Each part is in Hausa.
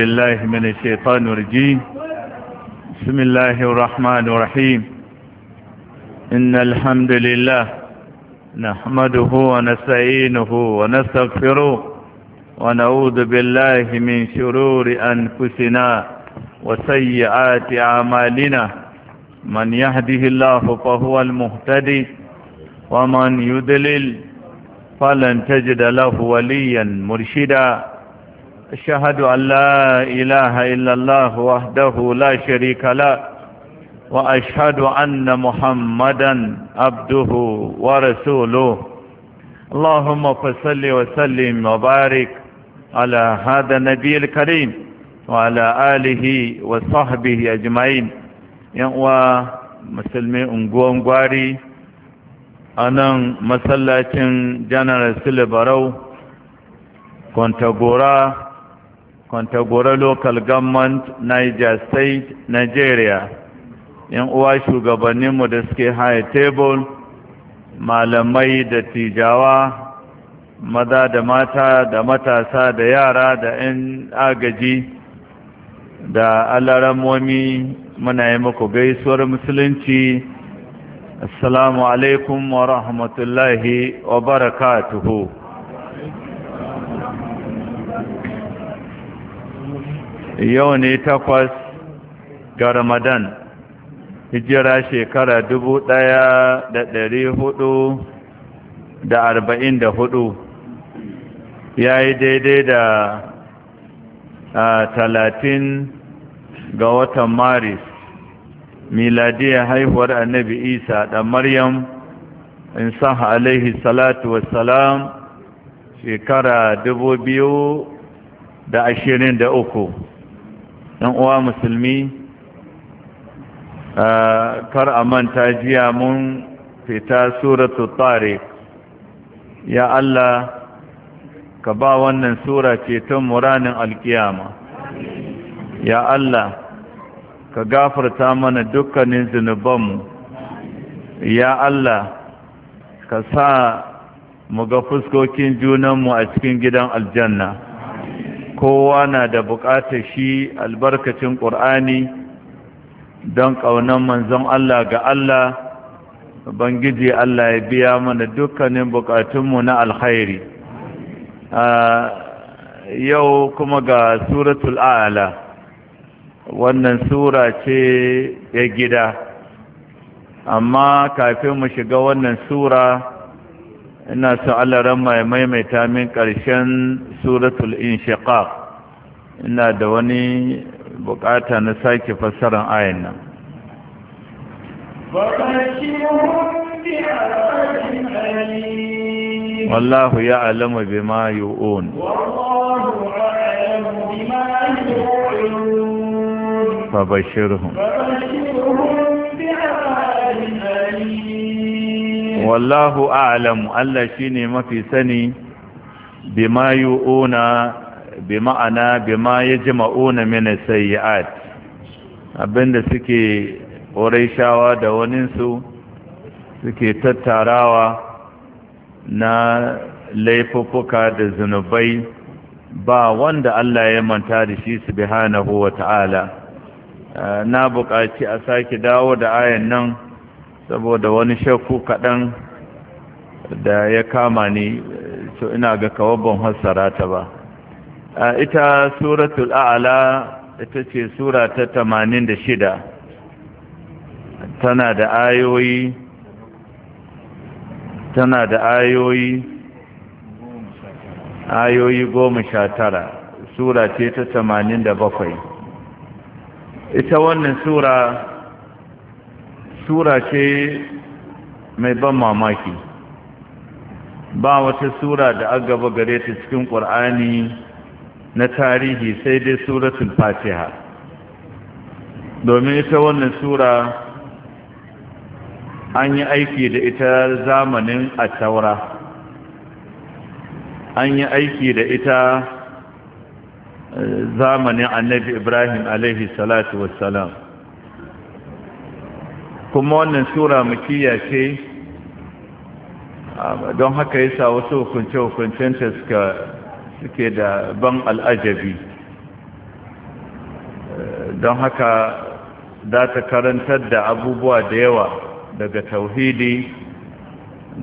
بالله من الشيطان الرجيم بسم الله الرحمن الرحيم إن الحمد لله نحمده ونستعينه ونستغفره ونعوذ بالله من شرور أنفسنا وسيئات أعمالنا من يهده الله فهو المهتدي ومن يدلل فلن تجد له وليا مرشدا أشهد أن لا إله إلا الله وحده لا شريك له وأشهد أن محمدا عبده ورسوله اللهم فصل وسلم وبارك على هذا النبي الكريم وعلى آله وصحبه أجمعين يقوى مسلمي أنقوى أنقواري أنا مسلة جنرال سلبرو كنت قراه Kwantagora Local Government, Niger State, Nigeria. ‘Yan uwa shugabanninmu da suke haya tebur, malamai da tijawa, maza da mata da matasa da yara da ‘yan agaji da alaramomi muna yi muku gaisuwar musulunci. Assalamu alaikum wa rahmatullahi wa barakatuhu. yau ne takwas ga ramadan hijira shekara dubu ɗaya da ɗari hudu da arba'in da hudu ya yi daidai da talatin ga watan maris miladiyar haihuwar annabi isa da maryam in saha alaihi salatu wassalam shekara dubu biyu da ashirin da uku yan uwa musulmi kar a manta jiya mun fita suratu tare ya Allah ka ba wannan sura ceton muranin alkiyama ya Allah ka gafarta mana dukkanin zunubanmu ya Allah ka sa mu ga fuskokin junanmu a cikin gidan aljanna kowa na da buƙatar shi albarkacin ƙur'ani don ƙaunar manzon Allah ga Allah bangiji Allah ya biya mana dukkanin buƙatunmu na alkhairi yau kuma ga suratul ala wannan sura ce ya gida amma kafin mu shiga wannan sura ina so Allah ramma ya maimaita min ƙarshen suratul inshiqaq ina da wani bukata na sake fassarar ayan nan wallahu ya alama bima yu'un wallahu a'lamu bima yu'un fabashirhum fabashirhum wallahu a'lamu Allah shine mafi sani bima yu'una bima'ana bima yajma'una min sayyi'at abinda suke shawa da su suke tattarawa na laifuffuka da zunubai ba wanda Allah ya manta da shi subhanahu wa ta'ala na buƙaci a sake dawo da ayan nan saboda wani shakku kaɗan da ya kama ni to ina ga kawabban hassara ta ba A ita suratul a'ala ita ce sura ta tamanin da shida tana da ayoyi tana da ayoyi ayoyi goma sha tara sura ce ta tamanin da bakwai ita wannan sura sura ce mai ban mamaki ba wata sura da aka gaba gare ta cikin ƙwar'ani na tarihi sai dai suratul fatiha domin ita wannan sura an yi aiki da ita zamanin a taura an yi aiki da ita eh, zamanin annabi ibrahim alaihi salatu wassalam kuma wannan sura mu ce ah, don haka yasa wasu hukunce-hukuncenta hukuncen suke da ban al'ajabi don haka za ta karantar da abubuwa da yawa daga tauhidi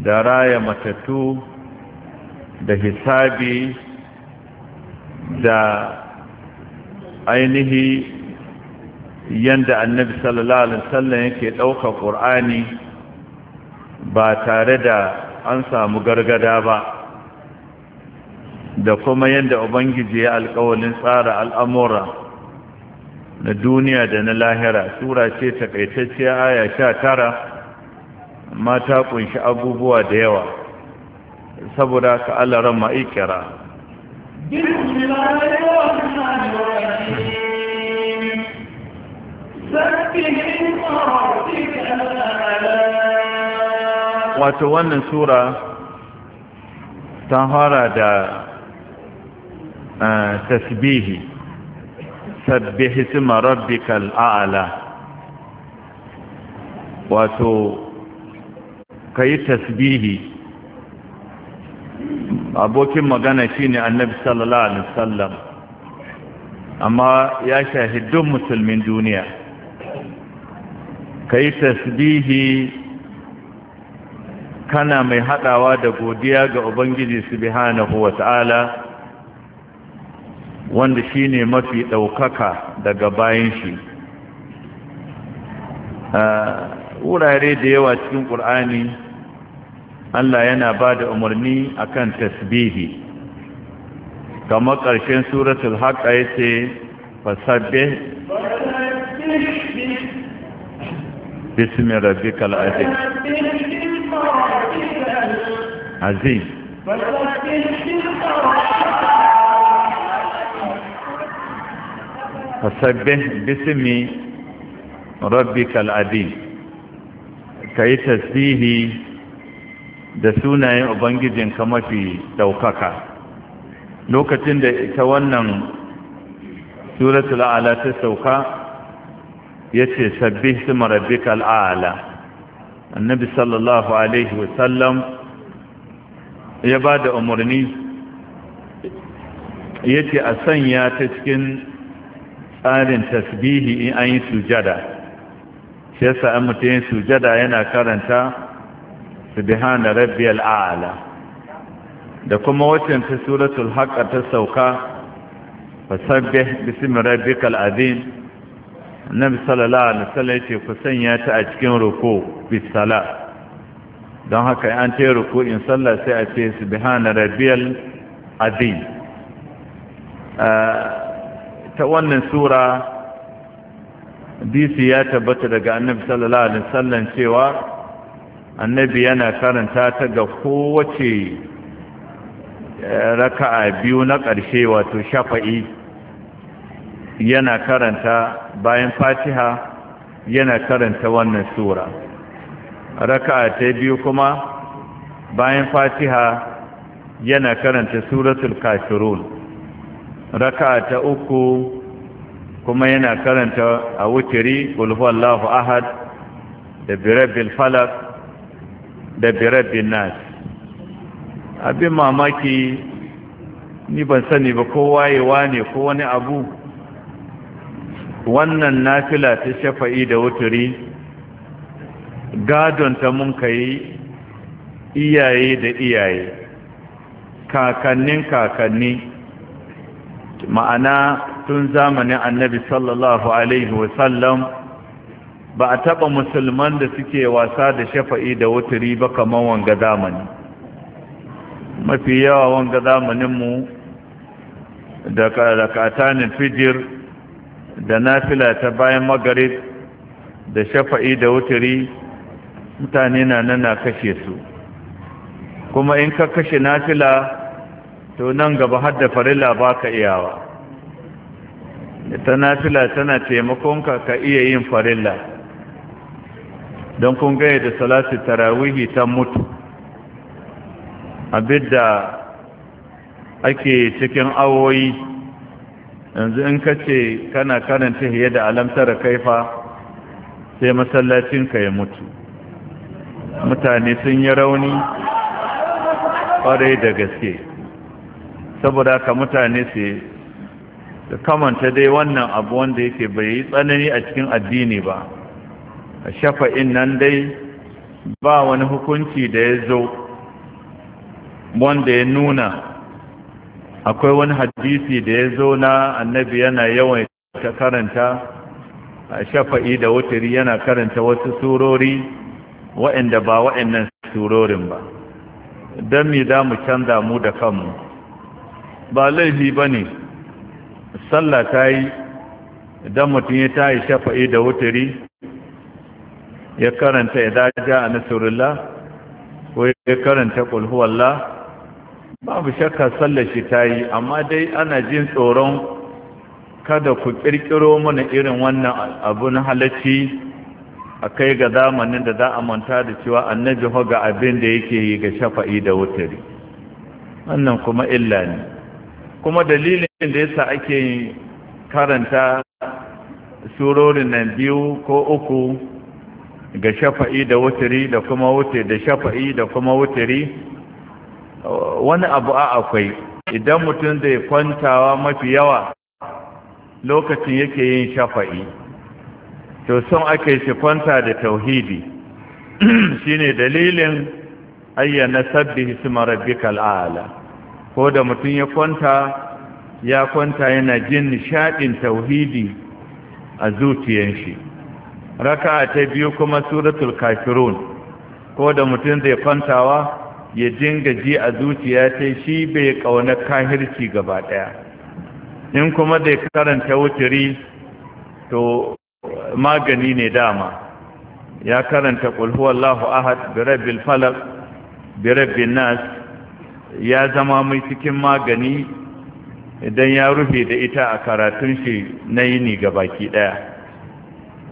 da raya matattu da hisabi da ainihi yanda annabi sallallahu alaihi wasallam yake ɗaukar ƙur'ani ba tare da an samu gargada ba da kuma yadda ubangiji ya alƙawalin tsara al'amura na duniya da na lahira sura ce takaitacciya aya sha tara amma ta kunshi abubuwa da yawa saboda ka alaran ma'ikira wato wannan sura ta fara da eh, tasbihi sabbihi sima rabbikal a'la wato kayi tasbihi abokin magana shine annabi sallallahu alaihi wasallam amma ya shahidun musulmin duniya ka yi tasbihi kana mai haɗawa da godiya ga ubangiji subhanahu wa ta'ala wanda shi ne mafi ɗaukaka daga bayan shi wurare da yawa cikin ƙur'ani allah yana ba da umarni a kan tasbihi kamar ƙarshen suratul haƙa ya ce fasabbe باسم ربك العظيم عزيز فسبح باسم ربك العظيم كي تسبيه da sunayen ubangijinka mafi ɗaukaka lokacin da ita wannan suratul ala ta sauka ya ce sabbi sima rabbika al'ala annabi sallallahu alaihi wasallam ya ba da umarni ya ce a sanya ta cikin tsarin tasbihi in an yi sujada shi yasa an mutum yin sujada yana karanta su bihana rabbiyal a'la da kuma wacin ta suratul haqqa ta sauka fasabbih bismi rabbikal azim annabi sallallahu alaihi wasallam yace ku sanya ta a cikin ruku bi sala don haka an ce ruku in sallah sai a ce subhana rabbiyal azim ta wannan sura Bisi ya tabbata daga annabi sallallahu alaihi wasallam cewa annabi yana karanta ta ga kowace eh, raka'a biyu na ƙarshe wato shafa'i yana karanta bayan fatiha yana karanta wannan sura raka'a ta biyu kuma bayan fatiha yana karanta suratul kafirun raka'a ta uku kuma yana karanta a wutiri ulhuwallahu ahad da birabbil falak da birabbin nas abin mamaki ni ban sani ba kowa yawa ne ko wani abu wannan nafila ta shafa'i da wuturi gadon ta mun ka iyaye da iyaye kakannin kakanni ma'ana tun zamanin annabi sallallahu alaihi wasallam ba a taɓa musulman da suke wasa da shafa'i da wuturi ba kamar wanga zamani mafi yawa wanga zamaninmu da rakatanin fijir da nafila ta bayan magarib da shafa'i da wuturi mutane na nan na kashe su kuma in ka kashe nafila to nan gaba har da farilla ba ka iyawa ta nafila tana taimakonka ka iya yin farilla don kun gaya da salatu tarawihi ta mutu abin da ake cikin awoyi yanzu in ka ce kana karanta hiyar da alamtara kaifa sai masallacin ka ya mutu mutane sun yi rauni ƙwarai da gaske saboda ka mutane su da kamanta dai wannan abu wanda yake bai yi tsanani a cikin addini ba a shafa'in nan dai ba wani hukunci da ya zo wanda ya nuna akwai wani hadisi da ya zo na annabi yana yawan ta karanta shafa'i da wuturi yana karanta wasu surori waɗanda ba waɗannan surorin ba don mi za mu canza mu da kanmu ba laifi ba ne sallah ta yi don mutum ya ta yi shafa'i da wuturi ya karanta ya daji a nasurullah ko ya karanta ƙulhuwallah babu shakka sallar shi ta yi amma dai ana jin tsoron kada ku ƙirƙiro mana irin wannan abun halacci a kai ga zamanin da za a manta da cewa annabi ho ga abin da yake yi ga shafa'i da wutari wannan kuma illa ne kuma dalilin da yasa ake karanta surorin nan biyu ko uku ga shafa'i da wutari da kuma wute da shafa'i da kuma wutari wani abu a akwai idan mutum zai kwantawa mafi yawa lokacin yake yin shafa'i to son ake shi kwanta da tauhidi shine dalilin ayyana sabbi hisma rabbikal a'la ko da mutum ya kwanta ya kwanta yana jin nishaɗin tauhidi a zuciyar shi raka'a ta biyu kuma suratul kafirun ko da mutum zai kwantawa ya dinga ji a zuciya ta shi bai kauna kahirci gaba daya in kuma da karanta wuturi to magani ne dama ya karanta kulhuwallahu ahad birabbil falak birabbin nas ya zama mai cikin magani idan ya rufe da ita a karatun shi na yini gabaki daya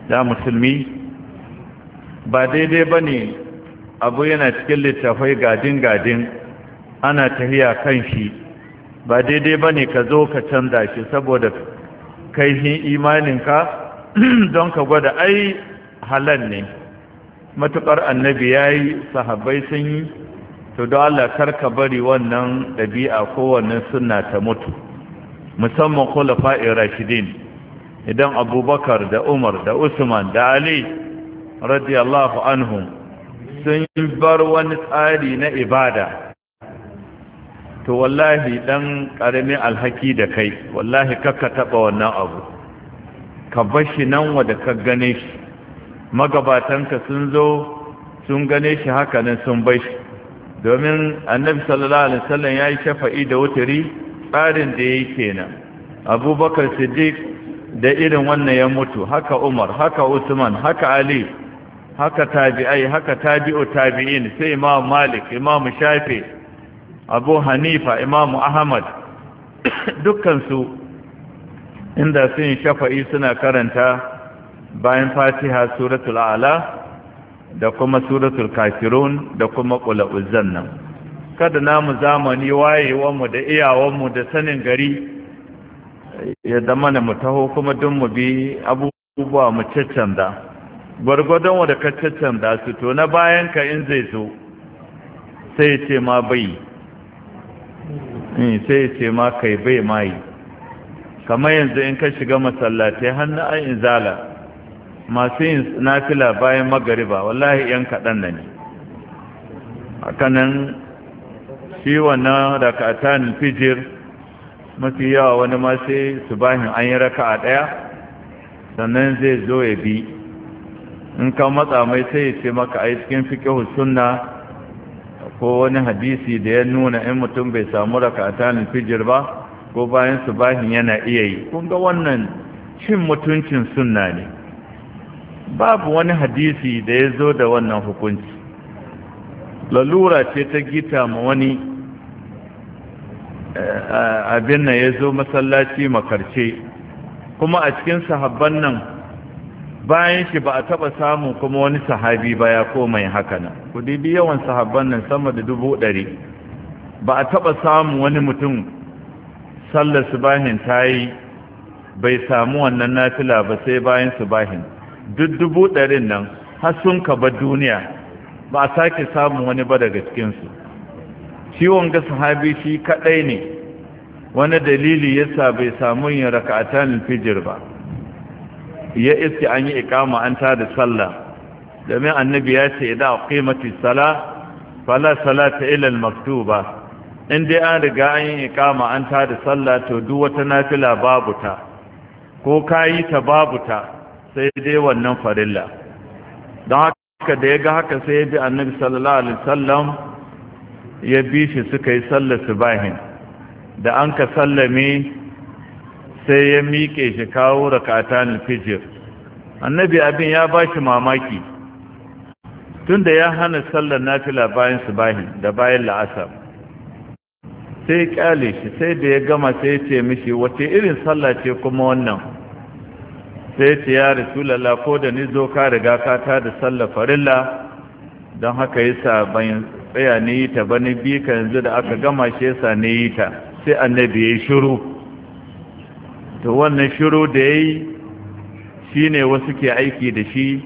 da musulmi ba daidai ba ne abu yana cikin littafai gadin-gadin ana tahiya kan shi ba daidai ba ne ka zo ka canza shi saboda kai imanin imaninka don ka gwada ai halar ne matuƙar annabi ya yi sahabbai sun yi to don Allah karka bari wannan ɗabi'a ko wannan suna ta mutu musamman kula fa'in rashidin idan abubakar da umar da usman da ali radiyallahu anhum sun yi bar wani tsari na ibada to wallahi dan karamin alhaki da kai wallahi kakka taba wannan abu ka shi nan wanda ka gane shi Magabatan ka sun zo sun gane shi haka nan sun shi. domin annabi sallallahu alaihi wasallam yi shafa'i da wuturi tsarin da yake kenan abubakar siddiq da irin wannan ya mutu haka umar haka usman haka ali haka tabi'ai haka tabi'u tabi'in sai imam malik imam shafi abu hanifa imam ahmad dukkansu inda sun shafa'i suna karanta bayan fatiha suratul a'la da kuma suratul kafirun da kuma qulul zanna kada namu zamani mu da mu da sanin gari ya zama mu taho kuma dun mu bi abubuwa mu canza. gwargwadon wadda ka da su to na bayan ka in zai zo sai ce ma bai eh, sai ce ma kai bai mai kamar yanzu in ka shiga masallatai hannu an in zala masu yin nafila bayan magariba wallahi yan kaɗan na ne hakanan shi wannan raka'atanin fijir mafi yawa wani ma sai su bahin an yi raka a ɗaya sannan zai zo ya bi in ka matsa mai sai ya ce maka ai cikin fiƙe sunna ko wani hadisi da ya nuna in mutum bai samu raka a tanin fijir ba ko bayan su subahin yana iya yi kun ga wannan cin mutuncin sunna ne babu wani hadisi da ya zo da wannan hukunci lalura ce ta gita ma wani eh, abin na ya zo masallaci makarce kuma a cikin sahabban nan bayan shi ba a taɓa samun kuma wani sahabi ba ya komai haka nan ku dibi yawan sahabban nan sama da dubu ɗari ba a taba samun wani mutum sallar subahin ta yi bai samu wannan nafila ba sai bayan subahin duk dubu ɗarin nan har sun ka kaba duniya ba a sake samun wani ba daga cikinsu ciwon ga sahabi shi kaɗai ne wani dalili yasa bai samu yin raka'atan fijir ba ya iske an yi ikama an tada sallah domin annabi ya ce idan qimati sala fala salata ilal maktuba in dai an riga an yi ikama an tada sallah to duk wata nafila babu ta ko kayi ta babu ta sai dai wannan farilla don haka da ya ga haka sai ya bi annabi sallallahu alaihi wasallam ya bi shi suka yi sallar subahin da an ka sallame sai ya miƙe shi kawo rakatan fijir annabi abin ya ba shi mamaki tunda ya hana sallar nafila bayan su subahi da bayan la'asar sai ƙyale, kyale shi sai da ya gama sai ya ce mishi wace irin sallah ce kuma wannan sai ya ce ya ko da ni zo ka riga ka ta da sallar farilla don haka yi sa bayan tsaya ne yi ta bani bi ka yanzu da aka gama shi yasa ne yi ta sai annabi ya yi shiru to wannan shiru da ya yi shi ne wasu ke aiki da shi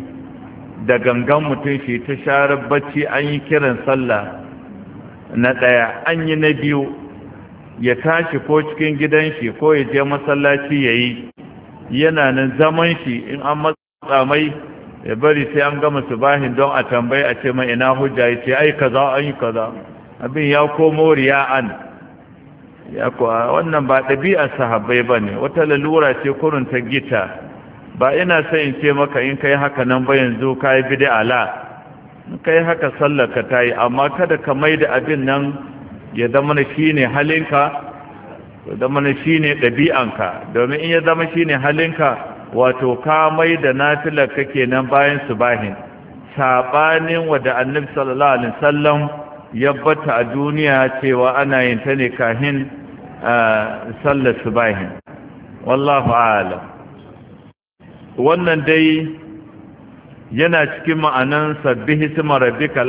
da gangan mutum shi ta sharar bacci an yi kiran sallah na ɗaya an yi na biyu ya tashi ko cikin gidan shi ko ya je masallaci ya yi yana nan zaman shi in an matsa mai ya bari sai an gama su bahin don a tambayi a ce mai ina hujja ya ce ai kaza an yi kaza abin ya komo riya'an ya kuwa wannan ba ɗabi'a sahabbai ba ne wata lalura ce kurin ta gita ba ina sai in ce maka in kai haka nan ba yanzu ka yi bidi ala in kai haka sallaka ta yi amma kada ka mai da abin nan ya zama na shi ne halinka ya zama na shi ne ɗabi'anka domin in ya zama shi ne halinka wato ka mai da nafilar ka kenan bayan su bahin saɓanin wadda annabi sallallahu alaihi wasallam yabbata a duniya cewa ana yin ta ne kahin sallar bayan wallahu alam wannan dai yana cikin ma'anan sabbi rabbi rabbika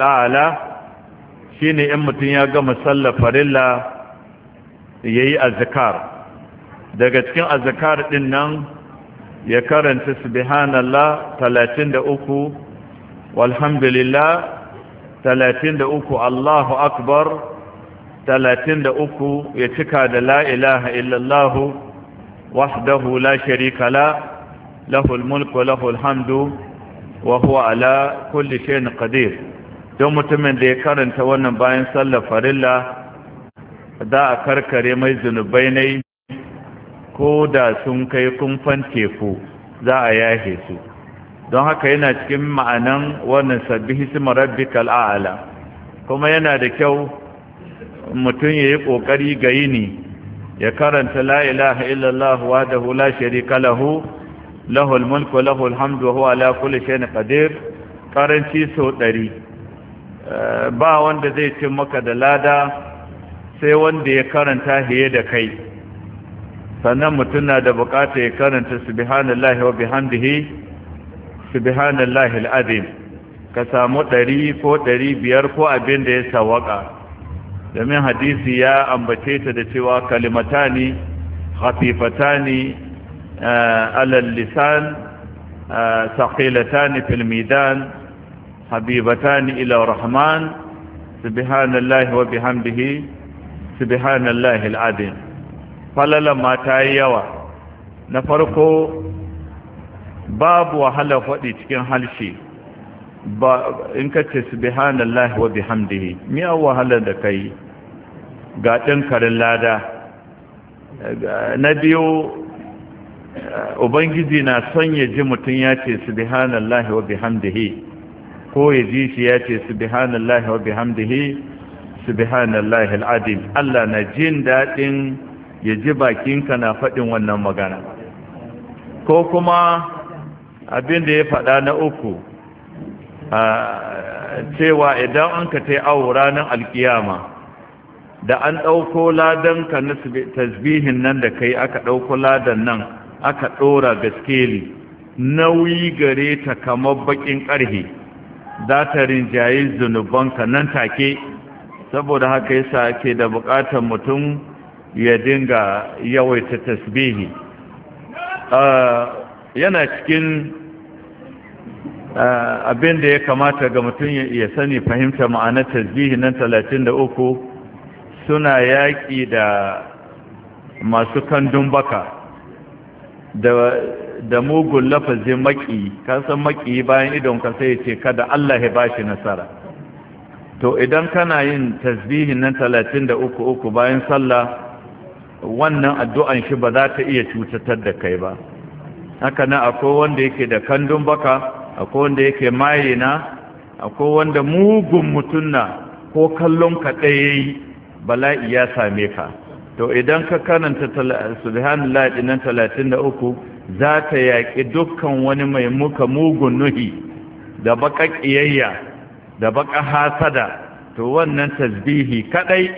shi shine in mutum ya gama sallar farilla yi azkar daga cikin azikar din nan ya karanta subhanallah 33 walhamdulillah uku Allahu akbar talatin da uku ya cika da la ilaha illallah wahdahu la sharika la lahul mulku lahul hamdu wa huwa ala kulli shay'in qadir don mutumin da ya karanta wannan bayan sallar farilla za a karkare mai zunubai ne ko da sun kai kumfan teku za a yahe su don haka yana cikin ma'anan wannan sabbihi sima rabbikal a'ala kuma yana da kyau mutum ya yi ƙoƙari ga yini ya karanta la ilaha illallah wa da hula sharika lahu lahul mulku lahul hamdu wa huwa ala kulli shay'in qadir karanci sau ɗari eh, ba wanda zai cin maka da lada sai wanda ya karanta hiye da kai sannan mutum na da bukata ya karanta subhanallahi wa bihamdihi subhanallahi al'azim ka samu ɗari ko ɗari biyar ko abin da ya sawaka domin hadisi ya ambace ta da cewa kalimatani khafifatani eh, alal lisan saqilatani eh, fil ila rahman subhanallahi wa bihamdihi subhanallahi falala mata yawa na farko babu wahala faɗi cikin halshe ba in ka ce subhanallahi wa bihamdihi mi an wahala da kai ga karin lada na biyu ubangiji na son ya ji mutum ya ce subhanallahi wa bihamdihi ko ya ji shi ya ce subhanallahi wa bihamdihi subhanallahi al'adim Allah na jin daɗin ya ji bakinka na faɗin wannan magana ko kuma abin da ya faɗa na uku cewa idan an ka ta awo ranar alkiyama da an ɗauko ladan ka na tasbihin nan da kai aka ɗauko ladan nan aka ɗora gaskeli nauyi gare ta kamar baƙin ƙarhe za ta rinjaye zunubanka nan take saboda haka yasa ke da buƙatar mutum ya dinga yawaita tasbihi yana cikin Eh, abin da ya kamata ga mutum ya sani fahimta ma'anar tasbihi nan 33 suna yaƙi da masu kandun baka da mugun lafazin maki kasan maki bayan idon ka sai ce kada Allah ya bashi nasara to idan kana yin tasbihi nan 33 bayan sallah wannan addu'an shi ba za ta iya cutatar da kai ba haka na akwai wanda yake da kandun baka akwai wanda yake maye na akwai wanda mugun mutum na ko kallon ka ɗaya yi bala'i ya same ka to idan ka karanta subhanallah dinan 33 za ta yaƙi dukkan wani mai muka mugun nuhi da baka ƙiyayya da baƙa hasada to wannan tasbihi kaɗai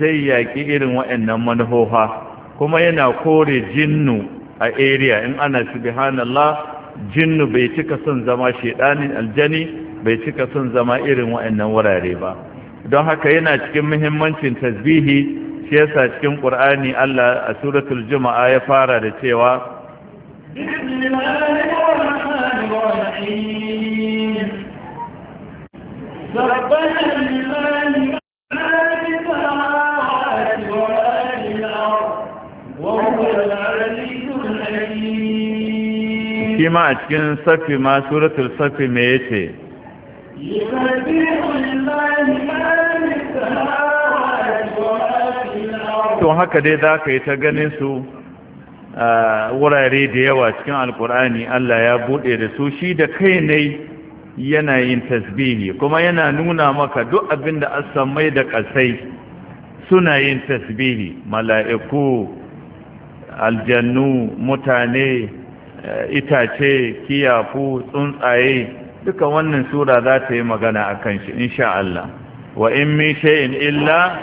zai yaƙi irin waɗannan manhoha kuma yana kore jinnu a area in ana subhanallah jinnu bai cika son zama shedanin aljani bai cika son zama irin wa'annan wurare ba don haka yana cikin muhimmancin tasbihi shi yasa cikin qur'ani Allah a suratul juma'a ya fara da cewa bismillahirrahmanirrahim shi ma a cikin safi ma suratul safi me yace to haka dai za ka yi ta ganin su wurare da yawa cikin alkur'ani Allah ya bude da su shi da kai ne yana yin tasbihi kuma yana nuna maka duk abin da mai da kasai suna yin tasbihi mala'iku aljannu mutane Eh, itace kiyafu tsuntsaye duka wannan sura za ta yi magana a kan shi insha Allah wa in mi shay'in illa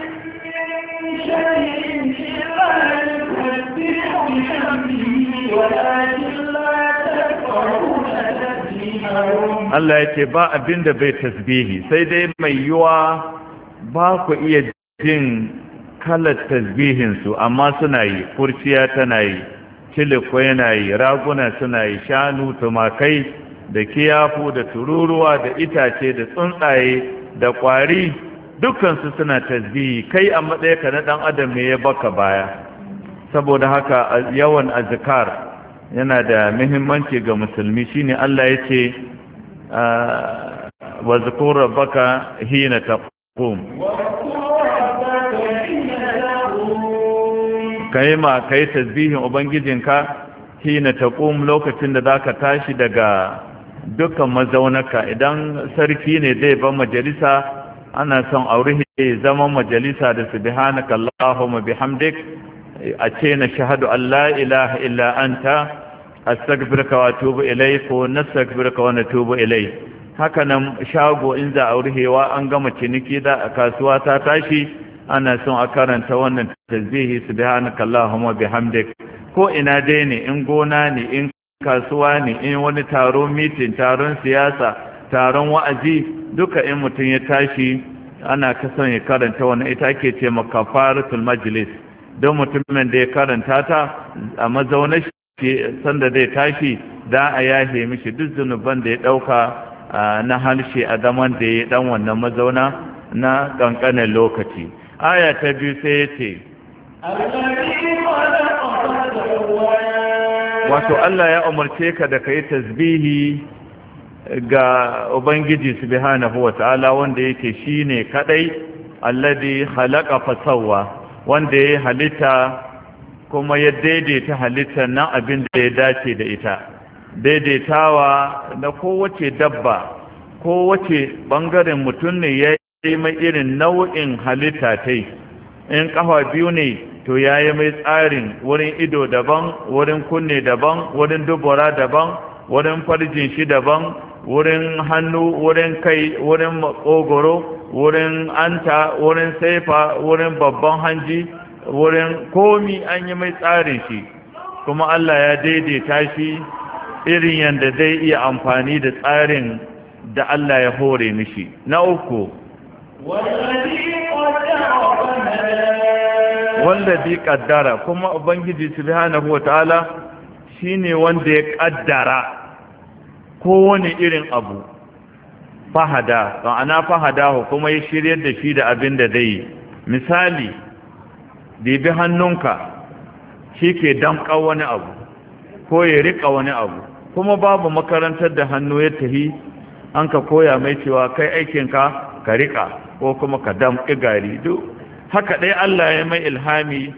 Allah ya ce ba abin da bai tasbihi sai dai mai yiwa ba ku iya jin kalar tasbihinsu amma suna yi kurciya tana yi ciliko yana yi raguna suna yi shanu tumakai da kiyafu da tururuwa da itace da tsuntsaye da ƙwari dukansu suna tasbihi kai a ka na ɗan adam ne ya baka baya saboda haka yawan azkar yana da muhimmanci ga musulmi shine Allah yace ce ah, wa zikur rabbaka hina taqum ka yi ma ka yi tasbihin ubangijinka shi ta ƙum lokacin da za ka tashi daga dukkan mazaunaka idan sarki ne zai ban majalisa ana son aurihi zama majalisa da su subhanaka allahumma hamdik a ce na shahadu allah ilaha illa anta sagbirka wa tubu ilai ko na sagbirka wa tubu ilai haka nan shago in za aurihewa an gama ciniki da a kasuwa ta tashi ana son a karanta wannan tasbihi subhanaka allahumma bihamdik ko ina dai ne in gona ne in kasuwa ne in wani taro meeting taron siyasa taron wa'azi duka in mutum ya tashi ana kasan ya karanta wannan ita ake ce makafaratul majlis don mutumin da ya karanta ta a mazaunar shi sanda zai tashi da a yahe mishi duk zunuban da ya dauka na harshe a zaman da ya dan wannan mazauna na kankanin lokaci aya ta biyu sai ya ce wato Allah ya umarce ka da ka yi tasbihi ga ubangiji subhanahu wa ta'ala wanda yake ne kadai alladhi khalaqa fasawa, wanda ya halitta kuma ya daidaita halitta nan abin da ya dace da ita daidaitawa na kowace dabba kowace bangaren mutum ne ya yi mai irin nau'in halitta tai in ƙafa biyu ne to ya yi mai tsarin wurin ido daban wurin kunne daban wurin dubura daban wurin farjin shi daban wurin hannu wurin kai wurin makogoro wurin anta wurin saifa wurin babban hanji wurin komi an yi mai tsarin shi kuma Allah ya daidaita shi irin yadda zai iya amfani da tsarin da Allah ya hore mishi na uku wallazi qaddara kuma ubangiji subhanahu wataala shine wanda ya kaddara kowane irin abu fahada ana fahadahu kuma ya shiryar da shi da abin da zai yi misali dibi hannunka shi ke damƙa wani abu ko ya riƙa wani abu kuma babu makarantar da hannu ya tafi an ka koya mai cewa kai aikinka ka riƙa ko kuma ka damƙi gari duk haka dai Allah ya mai ilhami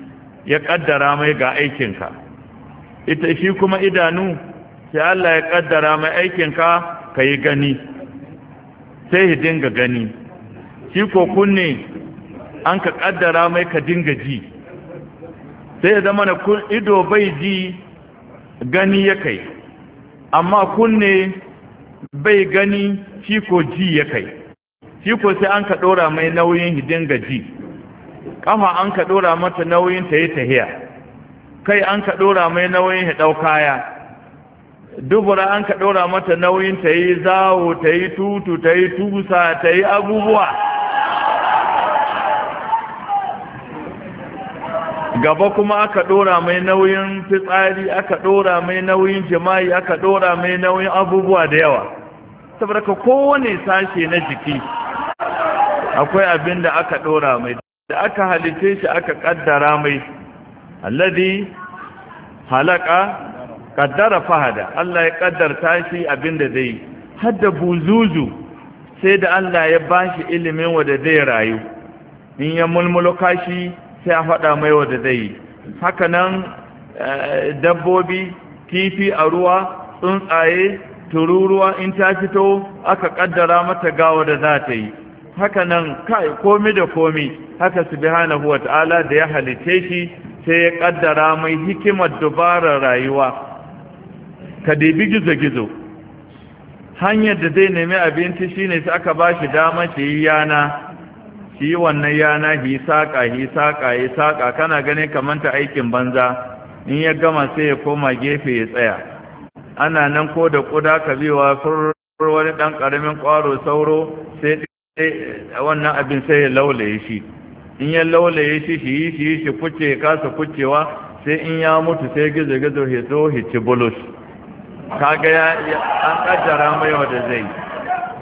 ya ƙaddara mai ga aikinka ita shi kuma idanu sai Allah ya ƙaddara mai aikinka ka yi gani sai ya dinga gani shi ko kunne an ka ƙaddara mai ka dinga ji sai ya zama na ido bai ji gani ya kai amma kunne bai gani shi ko ji ya kai shi ko sai an ka ɗora mai nauyin hidin gaji kafa an ka ɗora mata nauyin ta yi tahiya kai an ka ɗora mai nauyin ya ɗau kaya dubura an ka ɗora mata nauyin ta yi zawo ta yi tutu ta yi tusa ta yi abubuwa gaba kuma aka ɗora mai nauyin fitsari aka ɗora mai nauyin jima'i aka ɗora mai nauyin abubuwa da yawa saboda kowane sashe na jiki akwai abin da aka ɗora mai da aka halitta shi aka ƙaddara mai alladi halaka ƙaddara fahada Allah ya ƙaddarta shi abin da zai hadda buzuzu sai da Allah ya ba shi ilimin wada zai rayu in ya mulmulo kashi sai a faɗa mai wada zai yi haka nan eh, dabbobi kifi a ruwa tsuntsaye tururuwa in ta fito aka ƙaddara mata gawa da za ta yi haka nan kai komi da komi haka subhanahu ta'ala da ya halice shi sai ya kaddara mai hikimar dubarar rayuwa ka dibi gizo-gizo hanyar da zai nemi abinci shine sai aka ba shi dama shi yi yana shi yi wannan yana yi saƙa yi saƙa yi saƙa kana ganin kamanta aikin banza in ya gama sai ya koma gefe ya tsaya ana nan ko da ƙuda ka biwa fur wani ɗan ƙaramin ƙwaro sauro sai A wannan abin sai ya laulaye shi in ya laulaye shi shi yi shi shi kuce kasa kucewa sai in ya mutu sai gizo gizo ya zo ya ci bulus ga ya an kajara mai wanda zai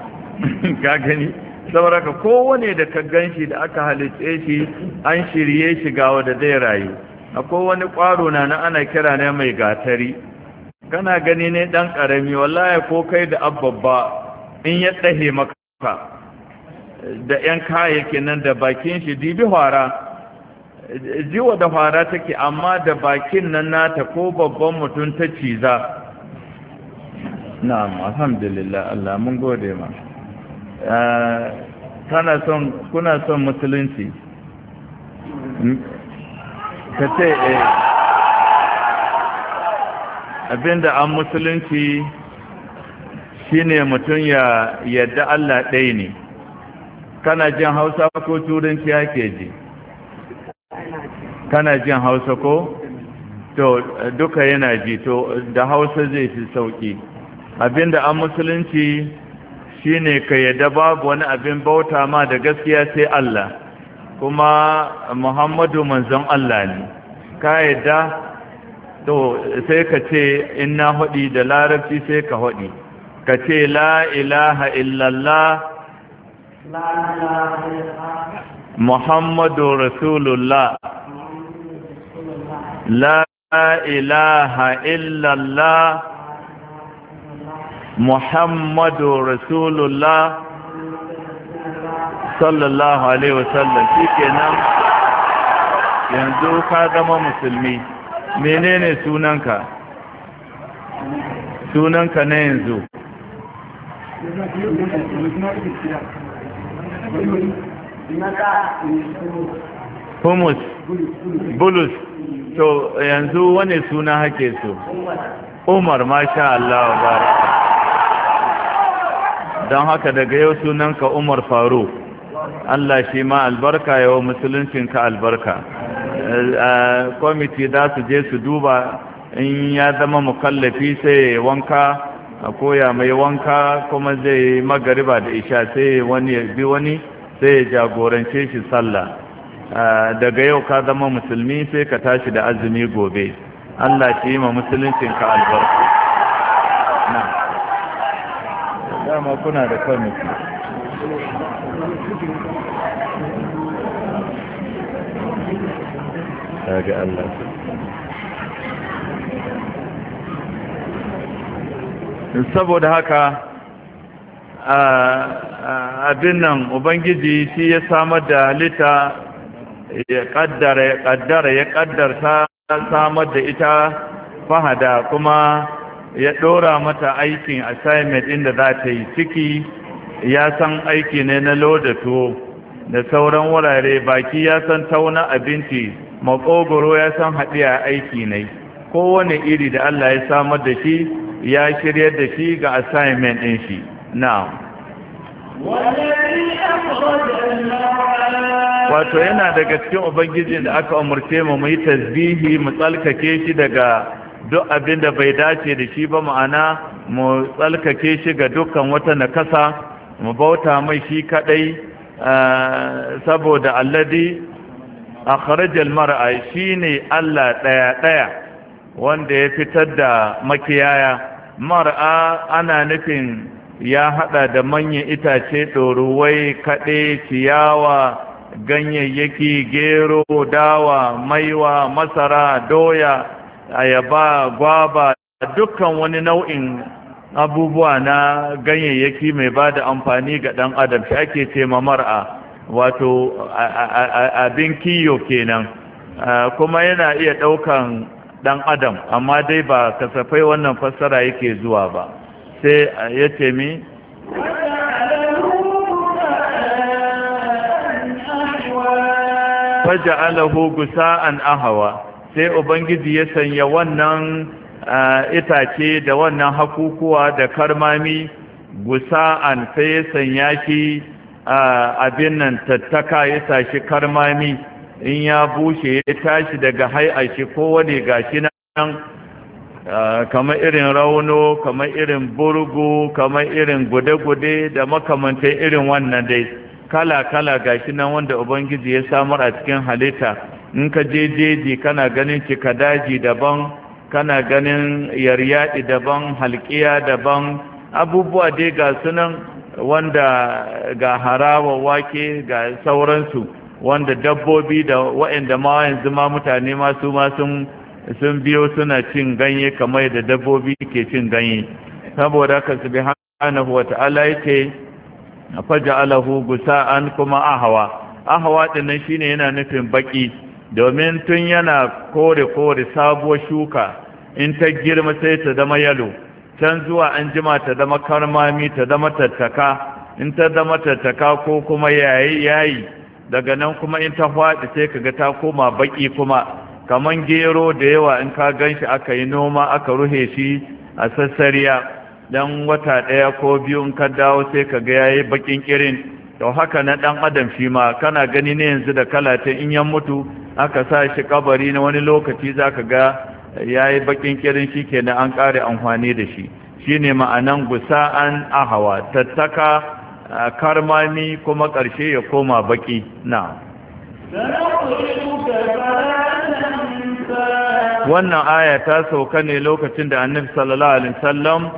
ka gani saboda ka kowane da ka ganshi da aka halitse shi an shirye shi ga wanda zai rayu a wani kwaro na na ana kira ne mai gatari kana gani ne dan karami wallahi ko kai da abba in ya tsahe maka da 'yan kayayyakin nan da bakin shi dibi hwara jiwa da hwara take amma da bakin nan nata ko babban mutum ta ciza na'am alhamdulillah Allah mun gode ma eh, kana son kuna son musulunci hmm? ka ce eh. abinda an musulunci shine mutum ya yadda Allah ɗaya ne kana jin hausa ko turanci ake ji kana jin hausa ko to duka yana ji to da hausa zai fi sauki abinda an musulunci shine ka yadda babu wani abin bauta ma da gaskiya sai Allah kuma Muhammadu manzon Allah ne ka yadda to sai ka ce inna hudi da larabci sai ka hudi ka ce la ilaha illallah محمد رسول الله لا إله إلا الله محمد رسول الله صلى الله yanzu ka zama musulmi menene sunanka na yanzu humus bulus to yanzu wane suna hake su umar masha Allah don haka daga yau sunanka umar faru Allah shi ma albarka Musuluncin musuluncinka albarka eh, kwamiti za su je su duba in ya zama mukallafi sai wanka a koya mai wanka kuma zai magariba da isha sai wani bi wani sai ya jagorance shi sallah daga yau ka zama musulmi sai ka tashi da azumi gobe Allah shi ma musuluncin ka albarka na dama kuna da kwamiti daga Allah saboda haka abin nan ubangiji shi ya samar da halitta ya kaddara ya kaddara ya kaddarta samar da ita fahada kuma ya dora mata aikin assignment inda za ta yi ciki ya san aiki ne na loda tuwo da sauran wurare baki ya san tauna abinci makogoro ya san haɗiya aiki ne kowane iri da Allah ya samar da shi ya shirya da shi ga assignment ɗin shi na wato yana daga cikin ubangijin da aka umarce mu mu tasbihi mu tsalkake shi daga duk abin da bai dace da shi ba ma'ana mu tsalkake shi ga dukkan wata nakasa mu bauta mai shi kadai eh, saboda alladi akhrajal mara shine allah daya daya wanda ya fitar da makiyaya mar'a ana nufin ya hada da manyan itace tsoruwai kaɗe ciyawa ganyayyaki gero dawa maiwa masara doya ayaba gwaba dukkan wani nau'in abubuwa na ganyayyaki mai ba da amfani ga ɗan adam shi ake ce ma mar'a wato abin kiyo kenan kuma yana iya ɗaukan Ɗan adam amma dai ba kasafai wannan fassara yake zuwa ba sai ya ce mi gusa an ahawa sai ubangiji ya sanya wannan eh, itace da wannan hakukuwa da karmami gusa an sai ya sanya shi eh, abin nan tattaka ya sashi karmami in ya bushe ya tashi daga hai'ashi kowane gashi nan kamar irin rauno kamar irin burgu kamar irin gude-gude da makamantan irin wannan dai kala-kala gashi nan wanda ubangiji ya samar a cikin halitta in ka je jeji kana ganin cika daji daban kana ganin yaryaɗi daban halkiya daban abubuwa dai ga sunan wanda ga harawa wake ga sauransu wanda dabbobi da waɗanda ma yanzu ma mutane ma su ma sun biyo suna cin ganye kamar da dabbobi ke cin ganye saboda haka subhanahu ta'ala yake gusa gusa'an kuma ahwa ahwa dinnan shine yana nufin baki domin tun yana kore kore sabuwar shuka in ta girma sai ta zama yalo can zuwa an jima ta zama karmami ta zama tattaka in ta zama tattaka ko kuma yayi yayi daga nan kuma in ta faɗi sai kaga ta koma baƙi kuma kaman gero da yawa in ka ganshi aka yi noma aka ruhe shi a sassariya dan wata ɗaya ko biyu in ka dawo sai kaga yayi bakin irin to haka na ɗan adam shi ma kana gani ne yanzu da kala ta in ya mutu aka sa shi kabari na wani lokaci zaka ga yayi bakin kirin shikenan an kare amfani da shi shine ma'anan gusa'an ahawa tattaka karmami kuma ƙarshe ya koma baƙi na wannan aya ta sauka ne lokacin da annabi sallallahu alaihi wasallam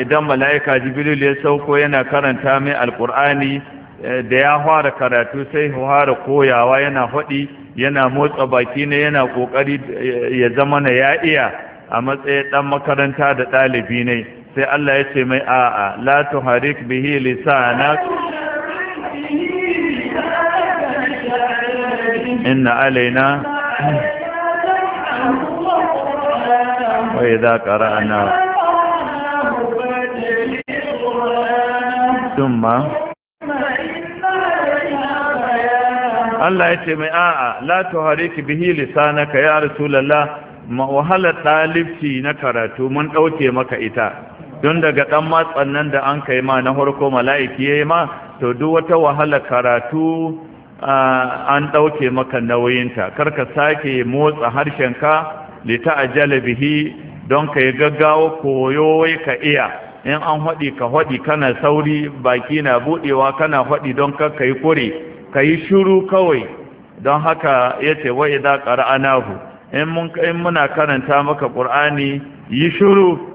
idan mala'ika jibril ya sauko yana karanta mai alkur'ani e, da ya fara karatu sai fara koyawa yana faɗi yana motsa baki ne yana ƙoƙari e, ya zama na ya iya a matsayin ɗan makaranta da ɗalibi ne sai Allah ya ce mai a'a la tuharik bihi lisanak inna alaina wa idha qara'na thumma Allah ya ce mai a'a la tuharik bihi lisanak ya rasulullah wahala ɗalibci na karatu mun dauke maka ita don daga ɗan matsan nan da an kai ma na harko mala'iki ya yi ma to duk wata wahala karatu an ɗauke maka nauyinta karka sake motsa harshenka lita a jalabihi don ka yi gaggawa koyo ka iya in an haɗi ka haɗi kana sauri baki na buɗewa kana haɗi don ka yi kure ka yi shuru kawai don haka ya ce wai wa ƙara anahu? in muna karanta maka ƙur'ani yi shuru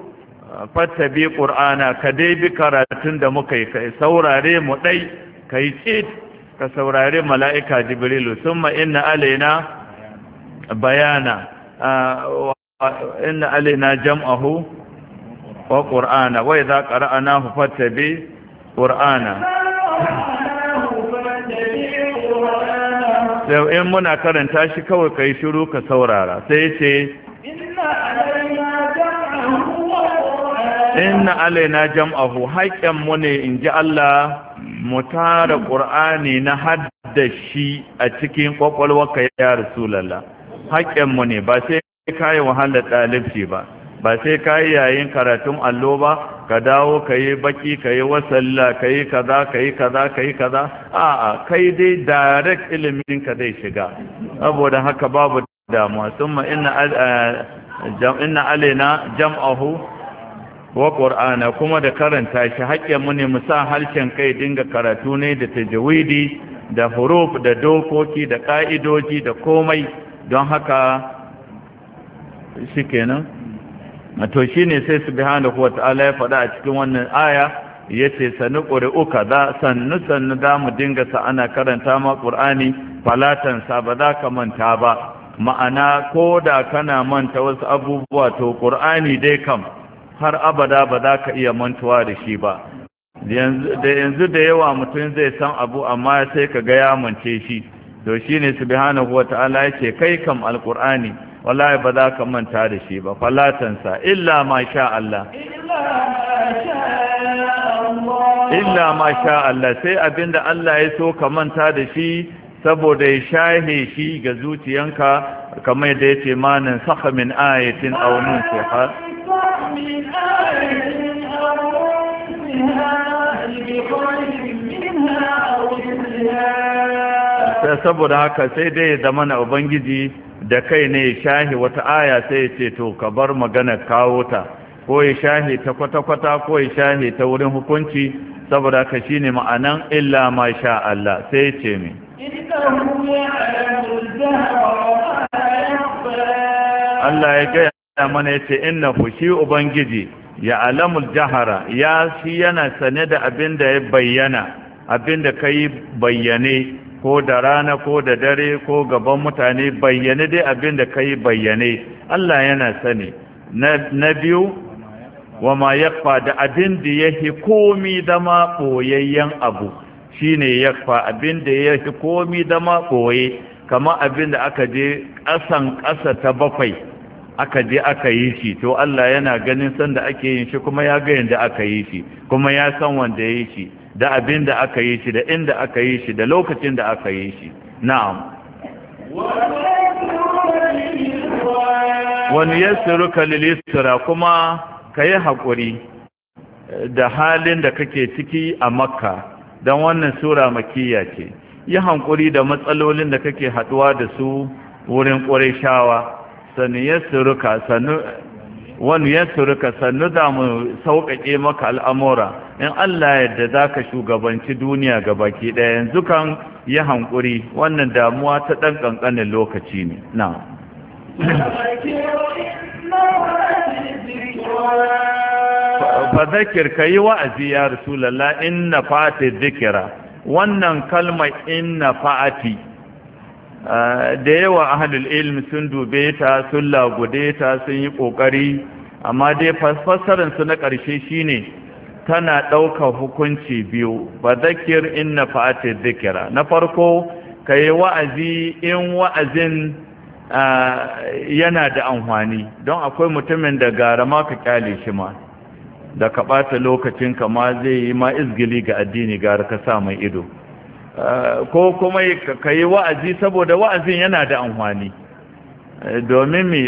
fattabi ƙur'ana ka dai bi karatun da muka yi ka saurare mu ɗai ka yi ka saurare mala'ika jibrilu sun inna alaina bayana inna alaina jam'ahu wa ƙur'ana wai za ƙara'ana hu fattabi ƙur'ana in muna karanta shi kawai ka yi shiru ka saurara sai ce inna alaina jam'ahu haƙƙin mu ne in ji Allah mu tara ƙur'ani na haddashi a cikin ƙwaƙwalwarka ya rasulallah haƙƙin mu ne ba sai ka yi wahalar ɗalibci ba ba sai ka yi yayin karatun allo ba ka dawo ka yi baki ka yi wasalla ka yi kaza ka yi kaza ka yi kaza a'a kai dai direct ilimin ka zai shiga saboda haka babu damuwa summa inna eh, alaina jam'ahu wa ƙur'ana kuma da karanta shi haƙƙinmu ne mu sa harshen kai dinga karatu ne da tajawidi da huruf da dokoki da ƙa'idoji da komai don haka shi kenan to shi ne sai su bihanda kuwa ta'ala ya faɗa a cikin wannan aya Yace ce sannu ƙuri uka za sannu sannu za mu dinga sa ana karanta ma ƙur'ani falatansa ba za ka manta ba ma'ana ko da kana manta wasu abubuwa to ƙur'ani dai kam har abada ba za ka iya mantuwa da shi ba da yanzu da yawa mutum zai san abu amma sai ka gaya ya mance shi to shi ne subhanahu wa ta'ala ya ce kai kam alkur'ani wallahi ba za ka manta da shi ba falatansa illa ma sha Allah illa ma sha Allah sai abinda Allah ya so ka manta da shi saboda ya shahe shi ga zuciyanka kamar da ya ce ma saka min ayatin aunin nunsiha sai saboda haka sai dai da mana ubangiji da kai ne shahi wata aya sai ya ce to ka bar magana kawo ta ko ya shahi ta kwata-kwata ko ya shahi ta wurin hukunci saboda haka shine ma'anan illa ma sha Allah sai ya ce mai Allah ya gaya mana ya ce na fushi Ubangiji ya alamul jahara ya shi yana sane da abin da ya bayyana abin da ka yi bayyane ko da rana ko da dare ko gaban mutane bayyane dai abin da ka yi bayyane Allah yana sani na biyu wa ma ya da abin da ya komi zama ɓoyayyen abu shine yakfa abinda ya fi komi da makoye kamar abinda aka je ƙasan ƙasa ta bakwai aka je aka yi shi to Allah yana ganin san da ake yin shi kuma ya ga yanda aka yi shi kuma ya san wanda ya yi shi da abin da aka yi shi da inda aka yi shi da lokacin da aka yi shi na'am wani yassiruka lilistura kuma ka yi haƙuri da halin da kake ciki a makka don wannan sura makiyya ce yi hankuri da matsalolin da kake haduwa da su wurin ƙurishawa sannu ya suruka sannu wani suruka sannu za mu sauƙaƙe maka al'amura in Allah yadda za ka shugabanci duniya gaba ke ɗaya yanzu kan yi hankuri wannan damuwa ta ɗan ƙanƙanin lokaci ne na fa zakir yi wa'azi ya rasulullah inna fati zikira' wannan kalma inna fa'ati ah, da yawa ahlul ilm sun dube ta sun lagude ta sun yi kokari amma dai fasfasarin su na ƙarshe shine tana ɗaukar hukunci biyu ba zakir inna fa'ati zikira' na farko kai wa'azi in wa'azin ah, yana da amfani don akwai mutumin da gara ma ka kyale shi ma da ka ɓata lokacinka ma zai yi ma izgili ga addini gara ka sa mai ido eh, ko kuma ka yi wa'azi saboda wa'azin yana da amfani eh, domin mi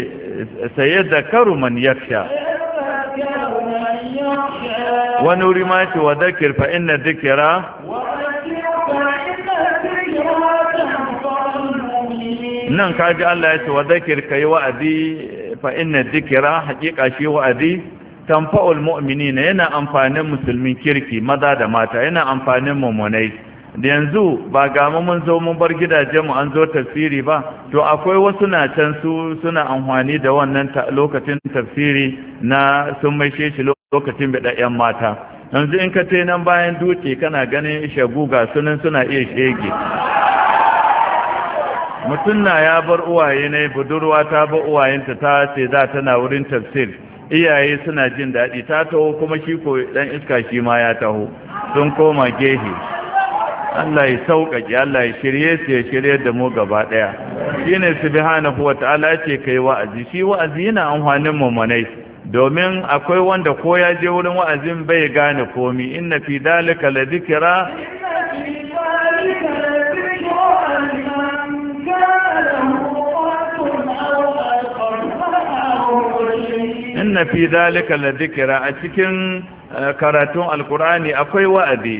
saye da karu man yaksha wani wuri ma ce wa zakir fa inna dhikra nan kaji Allah ya ce wa zakir ka wa'azi fa inna dhikra hakika shi wa'azi tanfa'ul na yana amfanin musulmin kirki maza da mata yana amfanin mummunai da yanzu ba ga mun zo mun bar gidajenmu mu an zo tafsiri ba to akwai wasu na can su suna amfani da wannan lokacin tafsiri na sun maishe shi lokacin bidayen mata yanzu in ka nan bayan duke kana ganin shagu ga sunan suna iya shege mutum na ya bar uwaye ne budurwa ta bar uwayenta ta ce za tana wurin tafsiri iyaye suna jin daɗi ta taho kuma shi ko ɗan iska shi ma ya taho sun koma gehe Allah ya sauƙaƙe Allah ya shirye su ya shirye da mu gaba ɗaya shi ne subhanahu wa ta'ala ce kai wa'azi shi wa'azi yana amfanin mummunai domin akwai wanda ko ya je wurin wa'azin bai gane komi inna fi dalika la dhikra inna fi dalika la dhikra a cikin eh, karatun alqur'ani akwai wa'adi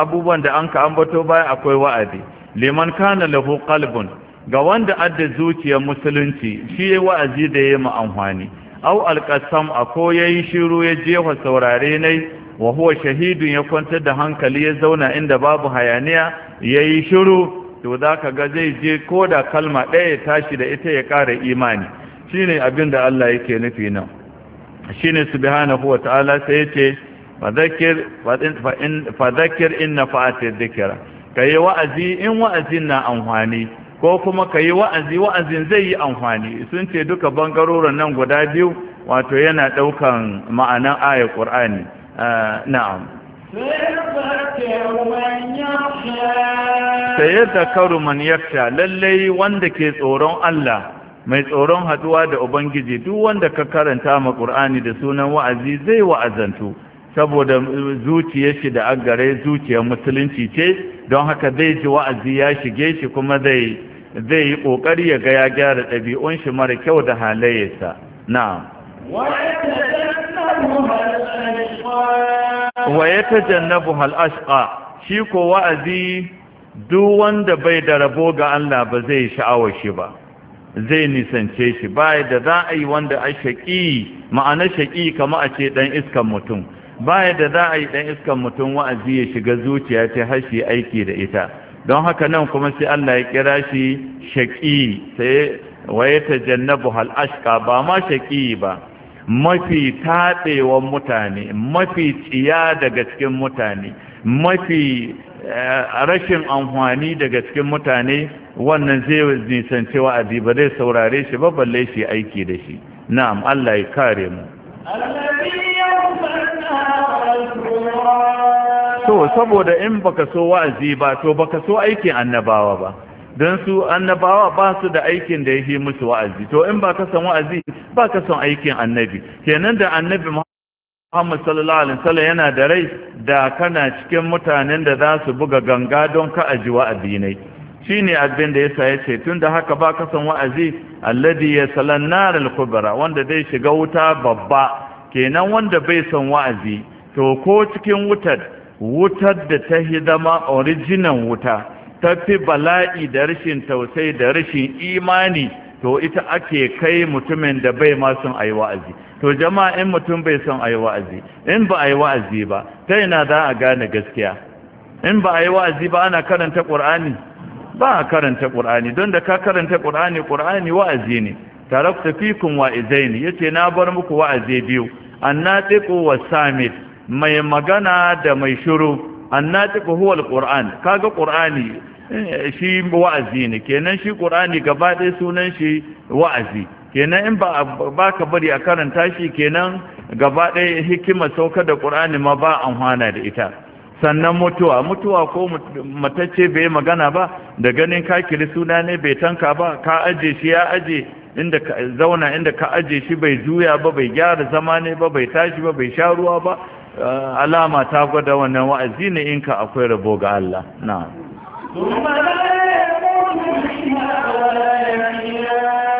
abubuwan da anka ambato baya akwai wa'adi liman kana lahu qalbun ga wanda adda zuciya musulunci shi wa'azi da yayi amfani aw alqasam ko yayi shiru ya jefa saurare nai wa huwa shahidun ya kwantar da hankali ya zauna inda babu hayaniya yayi shiru to zaka ga zai je koda kalma ɗaya tashi da ita ya kare imani shine abin da Allah yake nufi nan shi ne subhanahu wa ta'ala sai ya ce fadakir in na fa'atir dikira ka yi wa'azi in wa'azin na amfani ko kuma ka yi wa'azi wa'azin zai yi amfani sun ce duka bangarorin nan guda biyu wato yana ɗaukan ma'anan ayar ƙur'ani ah, na'am sai zakaru man lallai wanda ke tsoron Allah mai tsoron haduwa da ubangiji duk wanda ka karanta ma qur'ani da sunan wa'azi zai wa'azantu saboda zuciyar shi da agare zuciyar musulunci ce don haka zai ji wa'azi ya shige shi kuma zai zai yi kokari ya ga ya gyara ɗabi'un shi mara kyau da halayyarsa na'am wa yatajannabu hal ashqa shi ko wa'azi duk wanda bai da rabo ga Allah ba zai sha'awar shi ba zai nisance shi baya da za a yi wanda a shaƙi ma'ana shaƙi kama a ce ɗan iskan mutum baya da za a yi ɗan iskan mutum wa'azi ya shiga zuciya ta hashi aiki da ita don haka nan kuma sai Allah ya kira shi shaƙi sai waye ta jannabu hal ashka. ba ma shaƙi ba mafi taɗewan mutane mafi tsiya daga cikin mutane mafi Eh, rashin amfani daga cikin mutane wannan zai nisanci wa'azi ba zai saurare shi ba balle shi aiki da shi na'am Allah ya kare mu to saboda in baka so wa'azi ba to baka so aikin annabawa ba don su annabawa ba su da aikin da yake musu wa'azi to in ba ka son wa'azi ka son aikin annabi kenan da annabi Muhammad sallallahu alaihi wasallam yana da rai da kana cikin mutanen da za su buga ganga don ka aji wa'azi ne shine abin da yasa yace tunda haka ba ka san wa'azi alladhi yasalan nar al-kubra wanda zai shiga wuta babba kenan wanda bai san wa'azi to ko cikin wutar wutar da ta hidama original wuta ta fi bala'i da rashin tausayi da rashin imani to ita ake kai mutumin da bai ma son ayi wa'azi to jama'a in mutum bai son ayi wa'azi in ba a yi wa'azi ba ta yana za a gane gaskiya in ba a yi wa'azi ba ana karanta ƙur'ani ba a karanta ƙur'ani don da ka karanta ƙur'ani ƙur'ani wa'azi ne tarakta fikun wa'izai ne yace na bar muku wa'azi biyu annatiqu wa samit mai magana da mai shiru annatiqu huwa alquran kaga qur'ani eh, shi wa'azi ne kenan shi qur'ani gaba ɗaya sunan shi wa'azi kenan in ba baka bari a karanta shi kenan gaba ɗaya hikimar saukar da ƙur'ani ma ba an hana da ita sannan mutuwa mutuwa ko matacce bai magana ba da ganin ka kiri suna ne bai tanka ba ka aje shi ya aje inda ka zauna inda ka aje shi bai juya ba bai gyara zama ne ba bai tashi ba bai sha ruwa ba eh, alama ta gwada wannan wa'azi ne in ka akwai rabo ga Allah na'am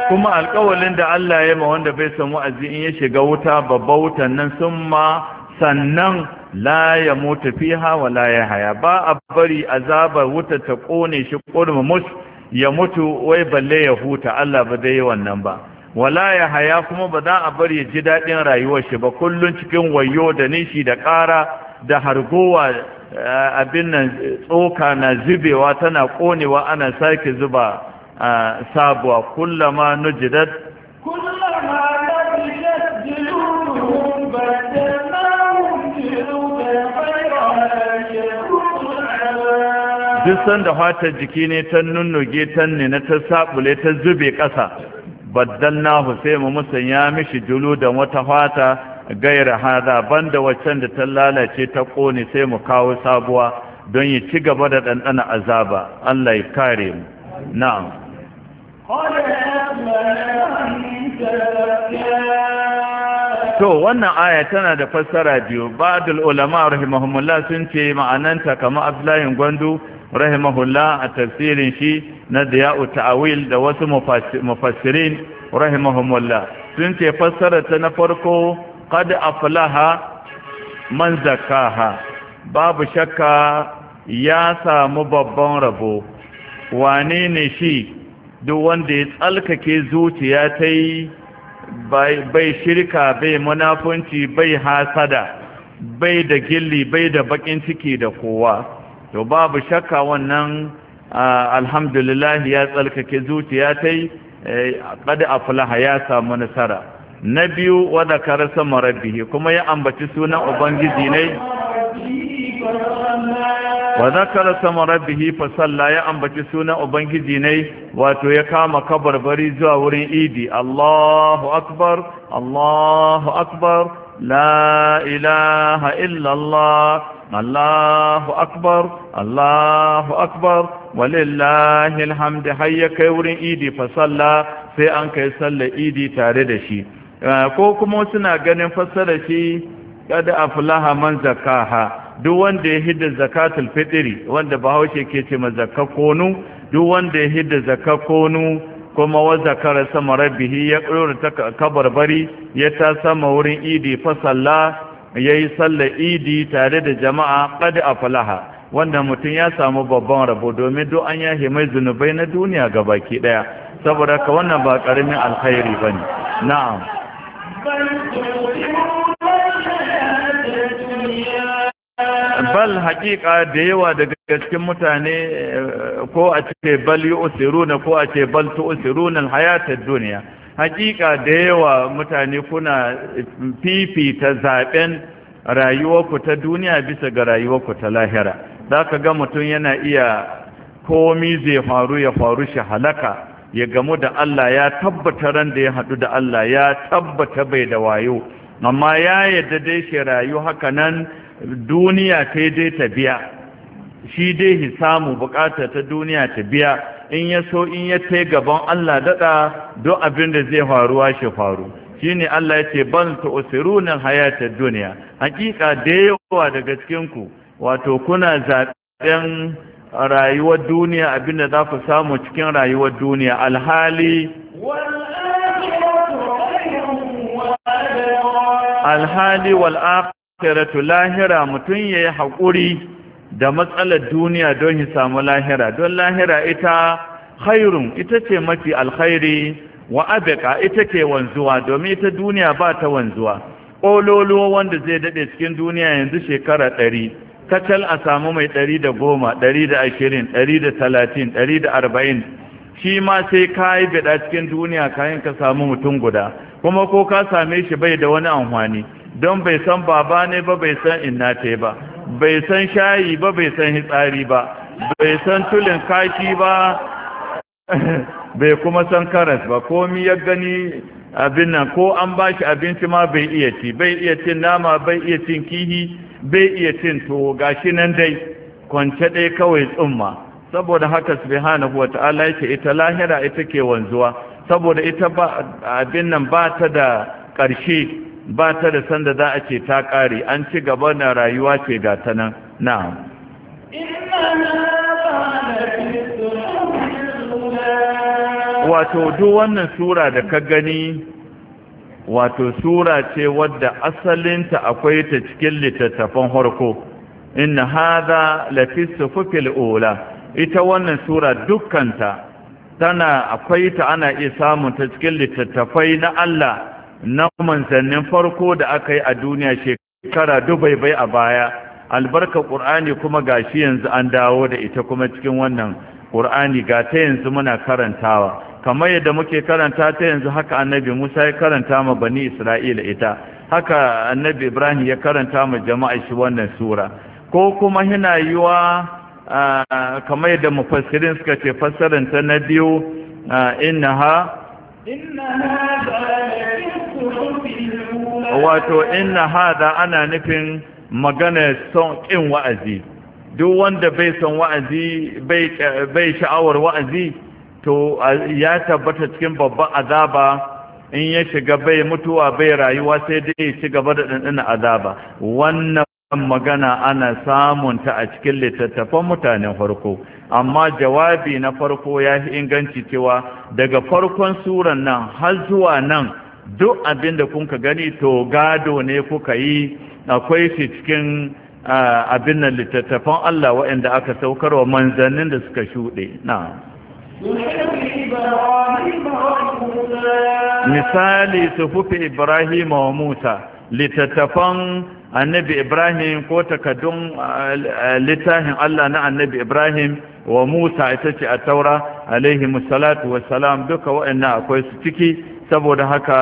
kuma alƙawalin da Allah ya ma wanda bai san wa'azi in ya shiga wuta babba wutan nan sun ma sannan la ya mutu fiha wa ya haya ba a bari azabar wuta ta kone shi mus ya mutu wai balle ya huta Allah ba dai wannan ba wala ya haya kuma ba za a bari ya ji daɗin rayuwar shi ba kullum cikin wayo da nishi da ƙara da hargowa Eh, abin nan tsoka na zubewa tana konewa ana sake zuba eh, sabuwa kullama nujidat kullama nujidat jiluhum baddalnahum sanda jiki ne ta nunnuge ta nina ta sabule ta zube ƙasa na sai Musa ya mishi da wata hata gaira hada banda waccan da ta lalace ta kone sai mu kawo sabuwa don yi ci gaba da ɗanɗana azaba Allah ya kare mu na'am to wannan aya tana da fassara biyu ba'dul ulama rahimahumullah sun ce ma'ananta kama Abdullahi Gwandu rahimahullah a tafsirin shi na diya'u ta'awil da wasu mufassirin rahimahumullah sun ce fassara ta na farko a aflaha man zakaha babu shakka ya samu babban rabo wane ne shi duk wanda ya tsalkake zuciya ta bai shirka bai munafunci bai hasada bai da gilli bai da bakin ciki da kowa to babu shakka wannan alhamdulillahi ya tsalkake zuciya ta yi eh, a aflaha ya samu nasara na biyu wa zakara sama rabbihi kuma ya ambaci sunan ubangiji ne wadakar zakara sama ya ambaci sunan ubangiji ne wato ya kama kabarbari zuwa wurin idi Allahu akbar Allahu akbar la ilaha illallah Allahu akbar Allahu akbar walillahi alhamdu hayya kai wurin idi fasalla sai an kai sallar idi tare da shi Ah, ko kuma suna ganin fassara shi kad aflaha man zakaha duk wanda ya hidda zakatul fitri wanda bahaushe ke ce ma konu duk wanda ya hidda zakakonu kuma wa zakara sama rabbihi ya kura ta kabarbari ya ta sama wurin idi fa salla yayi sallar idi tare da jama'a a aflaha wanda mutum ya samu babban rabo domin duk an yahe mai zunubai na duniya gabaki daya saboda ka wannan ba karamin alkhairi bane na'am bal haƙiƙa da yawa daga cikin mutane eh, ko a ce bal yu'siruna ko a ce bal tu'siruna al hayatar duniya hakika da yawa mutane kuna fifita zaben rayuwarku ta duniya bisa ga rayuwarku ta lahira za ka ga mutum yana iya komi zai faru ya faru shi halaka ya gamu da Allah ya tabbata ran da ya haɗu da Allah ya tabbata bai da wayo amma ya yadda dai shi rayu haka nan duniya ta dai ta biya shi dai hi samu bukata ta duniya ta biya in ya so in ya ta gaban Allah daɗa don abin da zai faruwa shi faru shi ne Allah ya ce ban ta osirunan hayatar duniya hakika da yawa daga cikinku wato kuna zaɓen rayuwar duniya abinda za ku samu cikin rayuwar duniya alhali alhali wal akhiratu lahira mutum yayi hakuri da matsalar duniya don ya samu lahira don lahira ita khairun ita ce mafi alkhairi wa abqa ita ke wanzuwa domin ita duniya ba ta wanzuwa ƙololuwa wanda zai daɗe cikin duniya yanzu shekara ɗari kacal a samu mai ɗari da goma ɗari da ashirin ɗari da talatin ɗari da arba'in shi ma sai ka yi cikin duniya kayan ka samu mutum guda kuma ko ka same shi bai da wani amfani don bai san baba ne ba bai san inna te ba bai san shayi ba bai san hitsari ba bai san tulin kashi ba bai kuma san karas ba komi ya gani abin nan ko an ba shi abinci ma bai iya ci bai iya cin nama bai iya cin kihi bai iya cin tuwo gashi nan dai kwance dai kawai tsumma saboda haka subhanahu ta'ala yake ita lahira ita ke wanzuwa saboda ita ba abin nan ba ta da ƙarshe ba ta da sanda za a ce ta ƙare an ci gaba na rayuwa ce ga ta nan na'am wato duk wannan sura da ka gani wato sura ce wadda asalinta akwai ta cikin littattafan harko inna haza lafi sufufil ula ita wannan sura dukkanta tana akwai ta ana iya samun ta cikin littattafai na Allah na manzannin farko da aka yi a duniya shekara dubai bai a baya albarka ƙur'ani kuma gashi yanzu an dawo da ita kuma cikin wannan ƙur'ani, ga ta yanzu muna karantawa kamar yadda muke karanta ta yanzu haka annabi Musa ya karanta ma bani Isra'ila ita haka annabi Ibrahim ya karanta ma jama'a shi wannan sura ko kuma hina yiwa kamar yadda mufassirin suka ce fassarar ta na biyu innaha wato inna hada ana nufin magana son ƙin wa'azi duk wanda bai son wa'azi bai sha'awar wa'azi to ya tabbata cikin babban azaba in ya shiga bai mutuwa bai rayuwa sai dai ya ci gaba da ɗanɗana azaba wannan magana ana samun ta a cikin littattafan mutanen farko amma jawabi na farko ya fi inganci cewa daga farkon suran nan har zuwa nan duk abin da kun gani to gado ne kuka yi akwai shi cikin abin nan littattafan Allah waɗanda aka saukar wa manzannin da suka shuɗe na'am misali sufufi ibrahim wa musa littattafan annabi ibrahim ko takaddun eh, littafin allah na annabi ibrahim wa musa ita ce a taura alaihi musallatu wassalam duka waɗannan akwai su ciki saboda haka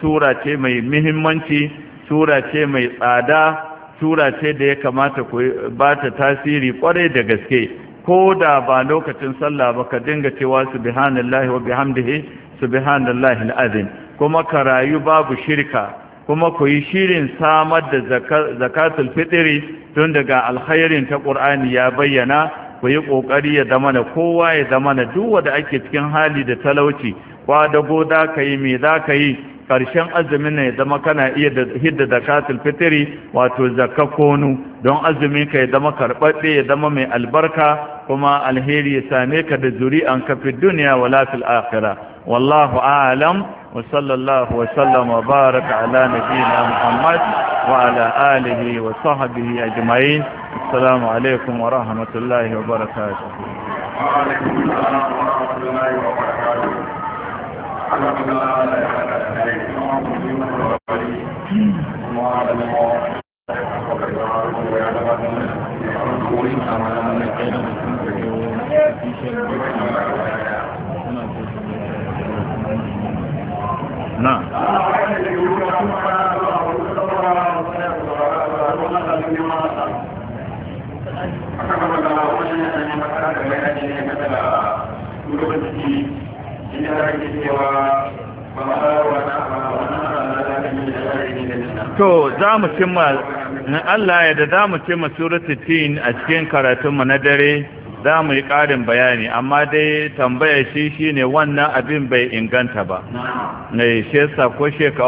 sura ce mai muhimmanci sura ce mai tsada sura ce da ya kamata ku ba ta tasiri kwarai da gaske ko da ba lokacin sallah ba ka dinga cewa subhanallahi wa bihamdihi subhanallahi alazim kuma ka rayu babu shirka kuma ku yi shirin samar da zakatul fitri tun daga alkhairin ta qur'ani ya bayyana ku yi kokari ya zama na kowa ya zama na duk wanda ake cikin hali da talauci kwa da goda kai me za ka yi karshen azumin ne zama kana iya da hidda zakatul fitri wato zakakonu don azumin ka ya zama karɓaɗe ya zama mai albarka kuma alheri ya same ka da zuri'an ka fi duniya wala fil akhirah wallahu a'lam wa sallallahu wa sallama wa baraka ala nabiyyina muhammad wa ala alihi wa sahbihi ajma'in assalamu alaikum wa rahmatullahi wa barakatuh wa alaikum assalam wa rahmatullahi wa barakatuh alhamdulillah la ilaha illa anta wa to za mu cimma na Allah ya da za mu cimma suratul tin a cikin karatunmu na dare za mu yi ƙarin bayani amma dai tambaya shi ne wannan abin bai inganta ba na eh, shesa ko shekaru